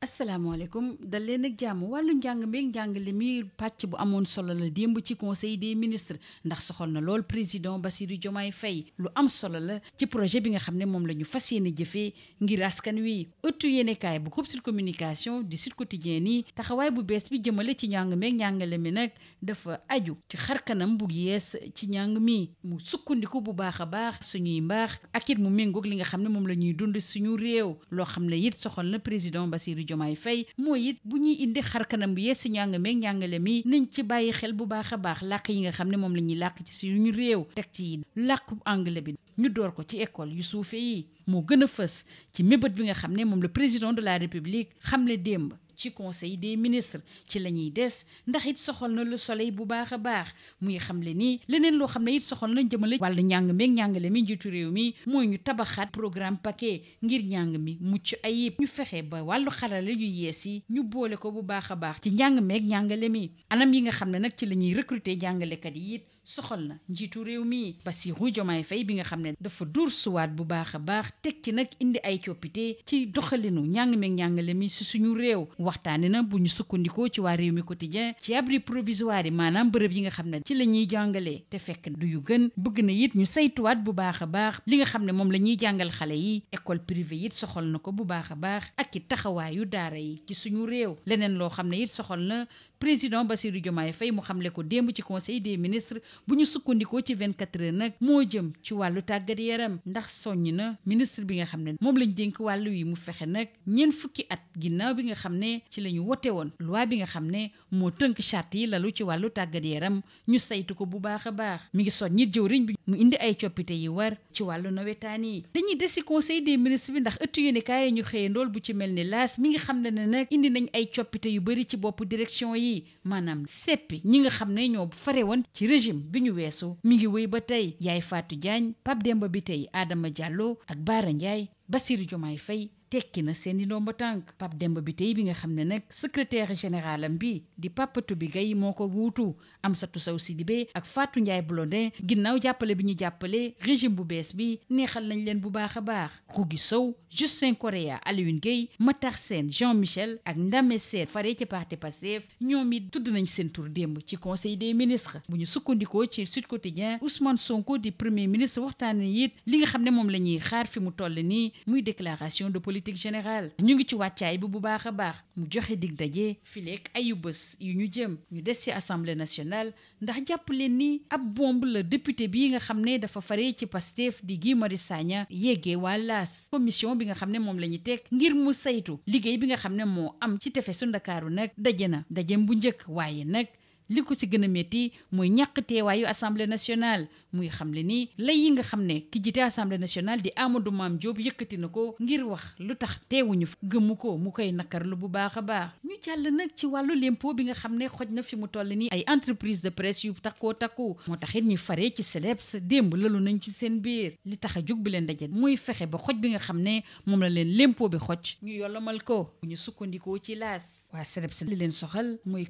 asalaamaaleykum dal leen ak jàmm wàllu njàng meeg njàngale mi pàcc bu amoon solo la démb ci conseil des ministres ndax soxal na lool président Bassirou Diomaye Faye lu am solo la ci projet bi nga xam ne moom la ñu fas yéene jëfee ngir askan wi ëttu bu groupe Sud Communication di Sud Quotidien yi taxawaay bu bees bi jëmale ci njàng meeg njàngale mi nag dafa aju ci xarkanam bu yees ci njàng mi mu sukkandiku bu baax a baax suñuy mbaax ak mu méngoog li nga xam ne moom la ñuy dund suñu réew loo xam ne it soxal na président Bassirou Diomaye Faye mooy it bu ñuy indi xar kanam bu yeesu ñàng meeg ñàngale mi nañ ci bàyyi xel bu baax a baax làkk yi nga xam ne moom la ñuy làkk ci ñu réew teg ci làkku anglais bi ñu door ko ci école yu suufee yi moo gën a fës ci mébét bi nga xam ne moom la président de la république ne démb ci conseil des ministres ci la ñuy des ndax it soxal na le soleil bu baax a baax muy xam xamle nii leneen loo xam ne it soxal na jëmale wàllu njàng meeg njàngale mi njiitu réew mi mooy ñu tabaxaat programme paquet ngir njàng mi mucc ayib ñu fexe ba wàllu xarala yu yees yi ñu boole ko bu baax a baax ci njàng meeg njàngale mi anam yi nga xam ne nag ci la ñuy recruter jàngalekat yi it soxal na njiitu réew mi Bassirou Diomaye Faye bi nga xam ne dafa dur suwaat bu baax a baax teg ci nag indi ay coppite ci doxalinu njàng meeg njàngale mi si suñu réew waxtaane na bu ñu sukkandikoo ci waa réew mi quotidien ci abri provisoire yi maanaam bërëb yi nga xam ne ci la ñuy jàngalee te fekk du yu gën bëgg na it ñu saytuwaat bu baax a baax li nga xam ne moom la ñuy jàngal xale yi école privée it soxal na ko bu baax a baax ak ci taxawaayu daara yi ci suñu réew leneen président ba Bassirou Diomaye Faye mu xamle ko démb ci conseil des ministres bu ñu sukkandikoo ci 24 heures nag moo jëm ci wàllu tàggat yaram ndax soññ na ministre bi nga xam ne moom lañ dénk wàllu wii mu fexe nag ñeent fukki at ginnaaw bi nga xam ne ci la ñu wote woon loi bi nga xam ne moo tënk charte yi lalu ci wàllu tàggat yaram ñu saytu ko bu baax a baax mi ngi soññ jëw jëwriñ bi mu indi ay coppite yi war ci wàllu nawetaan yi dañuy des ci conseil des ministres bi ndax ëttu yéene kaay ñu xëyandool bu ci mel ni laas mi ngi xam ne ne nag indi nañ ay coppite yu bëri ci bopp direction yi yi maanaam seppi ñi nga xam ne ñoo fare woon ci régime bi ñu weesoo mi ngi wéy ba tey Yaay Fatou Diagne Pape Demba bi tey aadama Diallo ak Baara Ndiaye Bassirou Diomaye Faye tekki na seen i ndomba tànk Pape Demba bi tey bi nga xam ne nag secrétaire général am bi di Papa Toby Gaye moo ko wuutu Amsatou Sow Sidibé ak Fatou Ndiaye Blondin ginnaaw jàppale bi ñu jàppale régime bu bees bi neexal nañ leen bu baax a baax Rougui Sow Justin Korea Alioune Gueye Matar Sène Jean Michel ak Ndame Sène fare ci parti Pastef ñoom it tudd nañ seen tur démb ci conseil des ministres bu ñu sukkandikoo ci Sud Quotidien Ousmane Sonko di premier ministre waxtaan it li nga xam ne moom la ñuy xaar fi mu toll nii muy déclaration de politique politique générale ñu ngi ci wàccaay bi bu baax a baax mu joxe dig daje fileek ayu bés yu ñu jëm ñu des ci assemblée nationale ndax jàpp leen ni ab bomb la député bii nga xam ne dafa fare ci Pastef di Guy Marius Sagna yéegee waa laas commission bi nga xam ne moom la ñu teg ngir mu saytu liggéey bi nga xam ne moo am ci tefesu Ndakaaru nag daje na dajeem bu njëkk waaye nag li ko ci gën a métti mooy ñàkk teewaayu assemblée nationale muy xam xamle nii lay yi nga xam ne ki jiite assemblée nationale di Amadou Mame Diop yëkkati na ko ngir wax lu tax teewuñu gëmu ko mu koy nakarlu bu baax a baax. ñu jàll nag ci wàllu lempo bi nga xam ne xoj na fi mu toll nii ay entreprise de presse yu takkoo takku moo tax taxit ñu faree ci CEDEPS démb lalu nañ ci seen biir li tax a jug bi leen daje mooy fexe ba xoj bi nga xam ne moom la leen lempo bi xoj ñu yolomal ko ñu sukkandikoo ci laas waa CEDEPS li leen soxal mooy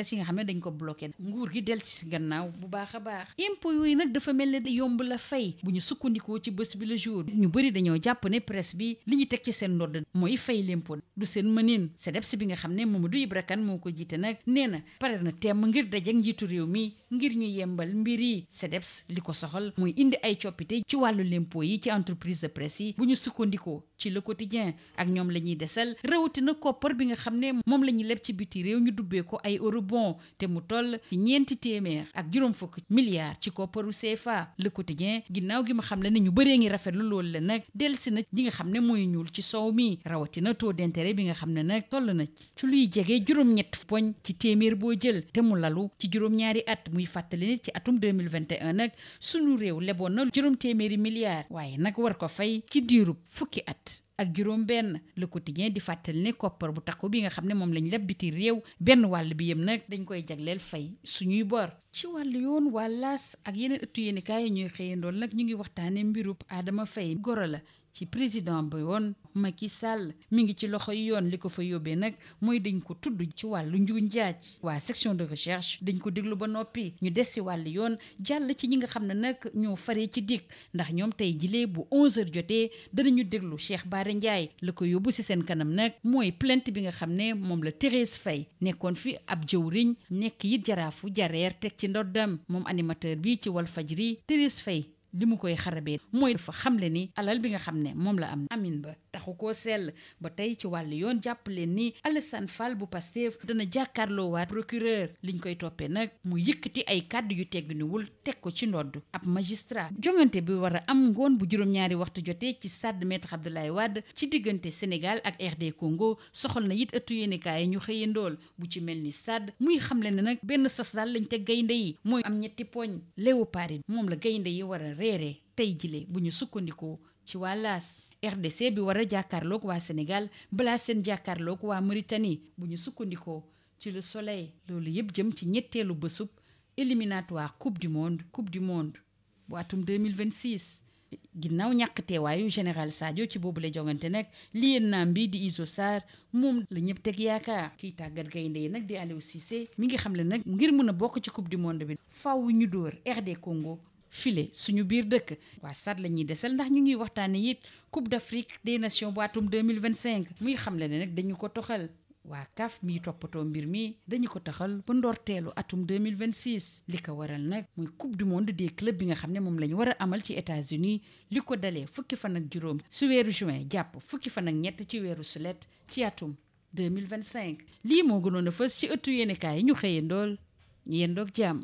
presse yi nga xam ne dañ ko bloqué nguur gi del ci gannaaw bu baax a baax impôt yooyu nag dafa mel ne yomb la fay bu ñu sukkandikoo ci bës bi le jour ñu bëri dañoo jàpp ne presse bi li ñu teg ci seen ndodd mooy fay l'impôt du seen mënin CDEPS bi nga xam ne moom du Ibra Kane moo ko jiite nag nee na pare na temm ngir dajeek njiitu réew mi ngir ñu yembal mbir yi CDEPS li ko soxal muy indi ay coppité ci wàllu lempo yi ci entreprise de presse yi bu ñu sukkandikoo ci la le quotidien ak ñoom la ñuy desal rawatina koppar bi nga xam ne moom la ñuy leb ci biti réew ñu dubbee ko ay bon te mu toll ci ñeenti téeméer ak juróom fukk milliards ci kopparu CFA le quotidien ginnaaw gi ma xam la ne ñu bëree ngi rafetlu loolu la nag dellusi na ñi nga xam ne mooy ñuul ci soow mi rawatina taux d'intérêt bi nga xam ne nag toll na ci luy jege juróom-ñett poñ ci téeméer boo jël te lalu ci juróom-ñaari muy fàttali nit ci atum 2021 nag sunu réew leboon na juróom téeméeri milliards waaye nag war ko fay ci diirub fukki at ak juróom benn le quotidien di fàttali ne koppar bu tax ko bi nga xam ne moom lañ leb biti réew benn wàll bi yem nag dañ koy jagleel fay ñuy bor ci wàllu yoon wàllaas ak yeneen ëttu yéenekaay ñooy xëyee xëyandool nag ñu ngi waxtaane mbirub aadama Faye goro la ci président ba woon Macky Sall mi ngi ci loxo yi yoon li ko fa yóbbee nag mooy dañ ko tudd ci wàllu nju njaaj waa section de recherche dañ ko déglu ba noppi ñu des si wàll yoon jàll ci ñi nga xam ne nag ñoo faree ci dikk ndax ñoom tey jilee bu 11h jotee danañu déglu Cheikh Bara Ndiaye la ko yóbbu si seen kanam nag mooy plent bi nga xam ne moom la Thérèse Faye nekkoon fi ab riñ nekk yi jaraafu jareer teg ci ndoddam moom animateur bi ci Walfadjri Thérèse Faye li mu koy xarabee mooy dafa xamle ni alal bi nga xam ne moom la am amin ba taxu koo sell ba tey ci wàllu yoon jàpp leen ni Alassane Fall bu Pastef dana jàkkaarloo jàkkaarloowaat procureur liñ koy toppee nag mu yëkkati ay kàddu yu teg tegginuwul teg ko ci ndodd ab magistrat jongante bi war a am ngoon bu juróom-ñaari waxtu jotee ci stade Maître Abdoulaye Wade ci diggante Sénégal ak RD Congo soxal na it ëttu yéenekaay ñu xëyee ndool bu ci mel ni stade muy xamle ne nag benn sas lañ teg gaynde yi mooy am ñetti poñ moom la gaynde yi war reere tey jile bu ñu sukkandikoo ci waa laas RDC bi war a jàkkaarloog waa Sénégal balaa seen jàkkaarloog waa Mauritanie bu ñu sukkandikoo ci Le Soleil loolu yëpp jëm ci ñetteelu bésub éliminatoire coupe du monde waatum du mille vingt atum 2026 ginnaaw ñàkk teewaayu général Sadio ci boobu la jongante nag liyeen naam bi di Iso Sarr moom la ñëpp teg yaakaar kii tàggat gaynde yi nag di Aliou Cissé mi ngi xam le nag ngir mun a bokk ci coupe du monde bi faw ñu dóor RD Congo file suñu biir dëkk waa SAD la ñuy desal ndax ñu ngi waxtaane it Coupe d'Afrique des Nations bu atum 2025 xam xamle ne nag dañu ko toxal waa CAF miy toppatoo mbir mi dañu ko taxal ba ndorteelu atum 2026 li ko waral nag muy coupe du monde des bi nga xam ne moom la ñu war a amal ci États-Unis li ko dalee fukki fan ak juróom su weeru juin jàpp fukki fan ak ñett ci weeru sulet ci atum 2025 lii moo gënoon a fës ci ëttu yéenekaay yi ñu xëyee ndool ñu yendoog jàmm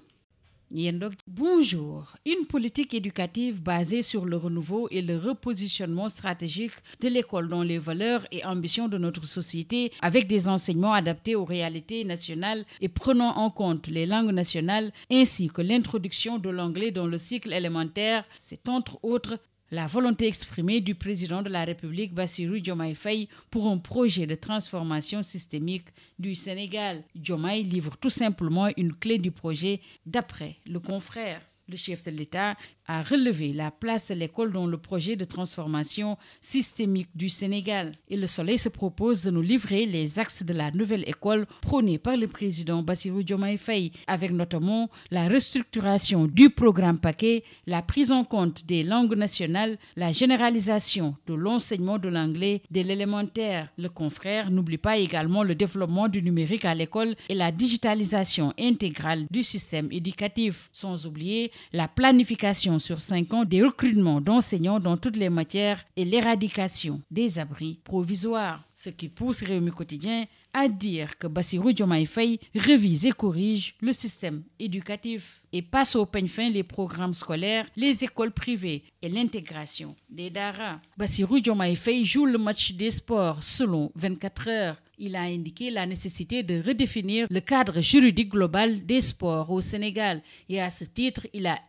Bonjour. Une politique éducative basée sur le renouveau et le repositionnement stratégique de l'école dans les valeurs et ambitions de notre société avec des enseignements adaptés aux réalités nationales et prenant en compte les langues nationales ainsi que l'introduction de l'anglais dans le cycle élémentaire, c'est entre autres la volonté exprimée du président de la République Bassirou Diomaye Faye pour un projet de transformation systémique du Sénégal. Diomaye livre tout simplement une clé du projet d'après le confrère. Le chef de l'État à relevé la place de l'école dans le projet de transformation systémique du Sénégal. Et le Soleil se propose de nous livrer les axes de la nouvelle école prônée par le président Bassirou Diomaye Faye, avec notamment la restructuration du programme paquet, la prise en compte des langues nationales, la généralisation de l'enseignement de l'anglais dès l'élémentaire. Le confrère n'oublie pas également le développement du numérique à l'école et la digitalisation intégrale du système éducatif, sans oublier la planification prévisions sur 5 ans des recrutements d'enseignants dans toutes les matières et l'éradication des abris provisoires, ce qui pousse Réumi Quotidien à dire que Bassirou Diomaye Faye et corrige le système éducatif et passe au peigne fin les programmes scolaires, les écoles privées et l'intégration des Dara. Bassirou Diomaye joue le match des sports selon 24 heures Il a indiqué la nécessité de redéfinir le cadre juridique global des sports au Sénégal et à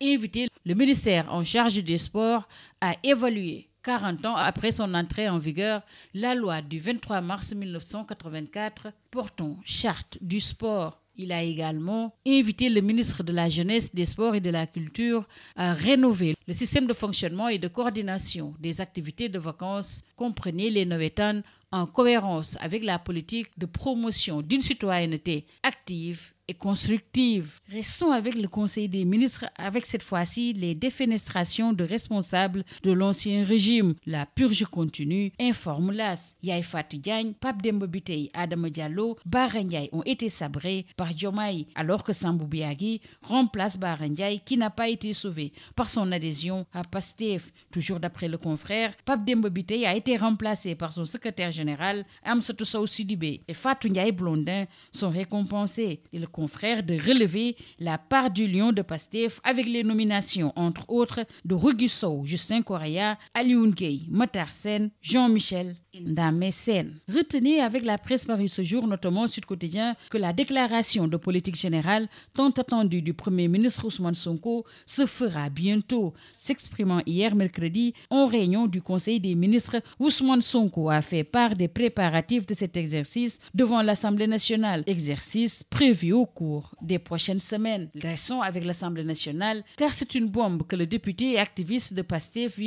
invité le ministère en charge des sports à évaluer 40 ans après son entrée en vigueur, la loi du 23 mars 1984 portant charte du sport. Il a également invité le ministre de la Jeunesse, des Sports et de la Culture à rénover de fonctionnement et des activités de vacances, comprenez les en cohérence avec la politique de promotion d'une citoyenneté active et constructive. Restons avec le Conseil des ministres avec cette fois-ci les défenestrations de responsables de l'ancien régime. La purge continue, informe l'AS. Yaï Fatou Diagne, Pape Dembobitei, Adam Diallo, Barangay ont été sabrés par Diomaye, alors que Sambou Biagi remplace Barangay qui n'a pas été sauvé par son adhésion à PASTEF. Toujours d'après le confrère, Pape Dembobitei a été remplacé par son générale Amsatou Sow Sidibé et Fatou Ndiaye Blondin sont récompensés. Les confrères de relever la part du lion de Pastef avec les nominations entre autres de Rougui Justin Correa, Alioune Gueye, Jean-Michel Ndamessen. Retenez avec la presse parue ce jour, notamment Sud Quotidien, que la déclaration de politique générale tant attendue du Premier ministre Ousmane Sonko se fera bientôt. S'exprimant hier mercredi en réunion du Conseil des ministres, Ousmane Sonko a fait part des préparatifs de cet exercice devant l'Assemblée nationale, exercice prévu au cours des prochaines semaines. Restons avec l'Assemblée nationale car c'est une bombe que le député et activiste de PASTEF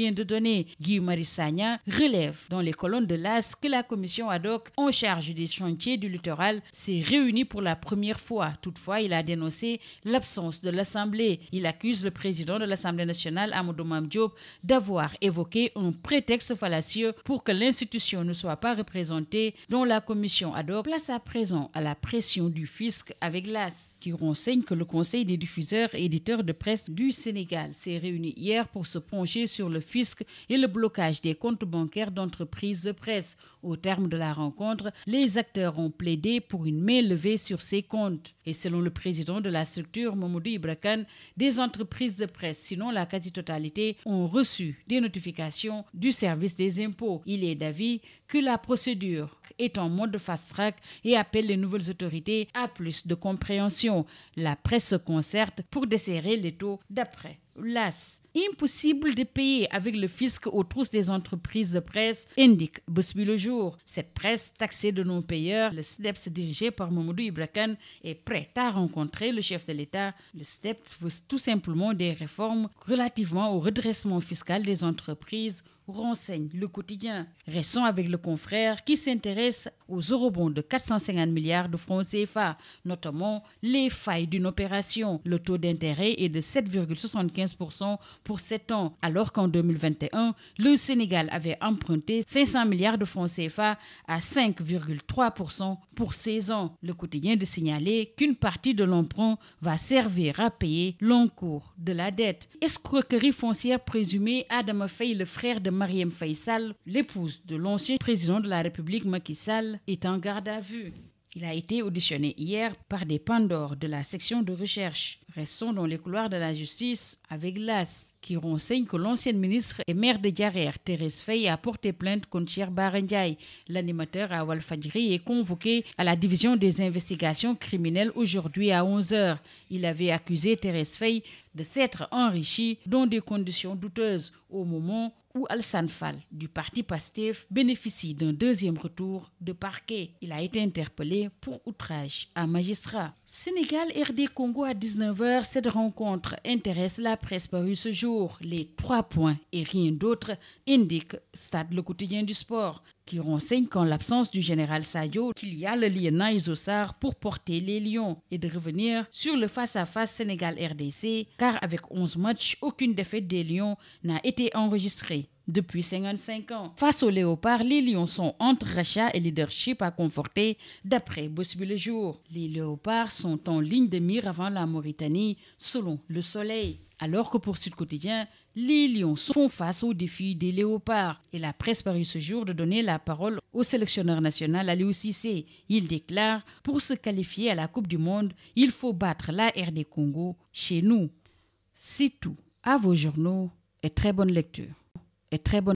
l'AS que la commission ad hoc en charge des chantiers du littoral s'est réunie pour la première fois. Toutefois, il a dénoncé l'absence de l'Assemblée. Il accuse le président de l'Assemblée nationale, Amadou Diop, d'avoir évoqué un prétexte fallacieux pour que l'institution ne soit pas représentée dans la commission ad hoc. Place à présent à la pression du fisc avec l'AS, qui renseigne que le Conseil des diffuseurs et éditeurs de presse du Sénégal s'est réuni hier pour se le fisc et le blocage des comptes bancaires presse. Au terme de la rencontre, les acteurs ont plaidé pour une main levée sur ces comptes. Et selon le président de la structure, Mamoudou Ibrakan, des entreprises de presse, sinon la quasi-totalité, ont reçu des notifications du service des impôts. Il est d'avis que la procédure est en mode fast-track et appelle les nouvelles autorités à plus de compréhension. La presse se concerte pour desserrer les taux d'après. las impossible de payer avec le fisc aux trousses des entreprises de presse, indique Busby le jour. Cette presse taxée de non-payeurs, le SNEPS e dirigé par Mamoudou Ibrakan est prête à rencontrer le chef de l'État. Le SNEPS e veut tout simplement des réformes relativement au redressement fiscal des entreprises renseigne le quotidien. Restons avec le confrère qui s'intéresse aux eurobonds de 450 milliards de francs CFA, notamment les failles d'une opération. Le taux d'intérêt est de 7,75% pour 7 ans, alors qu'en 2021, le Sénégal avait emprunté 500 milliards de francs CFA à 5,3% pour 16 ans. Le quotidien de signaler qu'une partie de l'emprunt va servir à payer l'encours de la dette. Escroquerie foncière présumée, Adam Faye, le frère de Mariem Faisal, l'épouse de l'ancien président de la République Macky Sall, est en garde à vue. Il a été auditionné hier par des pandores de la section de recherche. Restons dans les couloirs de la justice avec l'AS, qui renseigne que l'ancienne ministre et maire de Diarère, Thérèse Fay, a porté plainte contre Cher Barendjaï. L'animateur à Walfadjiri est convoqué à la division des investigations criminelles aujourd'hui à 11h. Il avait accusé Thérèse Fay de s'être enrichi dans des conditions douteuses au moment où Alsan Fall du parti PASTEF bénéficie d'un deuxième retour de parquet. Il a été interpellé pour outrage à magistrat. Sénégal RD Congo à 19h, cette rencontre intéresse la presse parue ce jour. Les trois points et rien d'autre indique Stade le quotidien du sport. qui renseigne qu'en l'absence du général Sayo, qu'il y a le lieutenant Isosar pour porter les Lions et de revenir sur le face-à-face Sénégal-RDC, car avec 11 matchs, aucune défaite des Lions n'a été enregistrée depuis 55 ans. Face aux léopards, les lions sont entre rachat et leadership à conforter, d'après Bosbu le jour. Les léopards sont en ligne de mire avant la Mauritanie, selon le soleil. Alors que pour Sud Quotidien, les lions font face au défi des léopards. Et la presse paru ce jour de donner la parole au sélectionneur national Aliou Cissé. Il déclare Pour se qualifier à la Coupe du Monde, il faut battre la RD Congo chez nous. C'est tout. À vos journaux et très bonne lecture.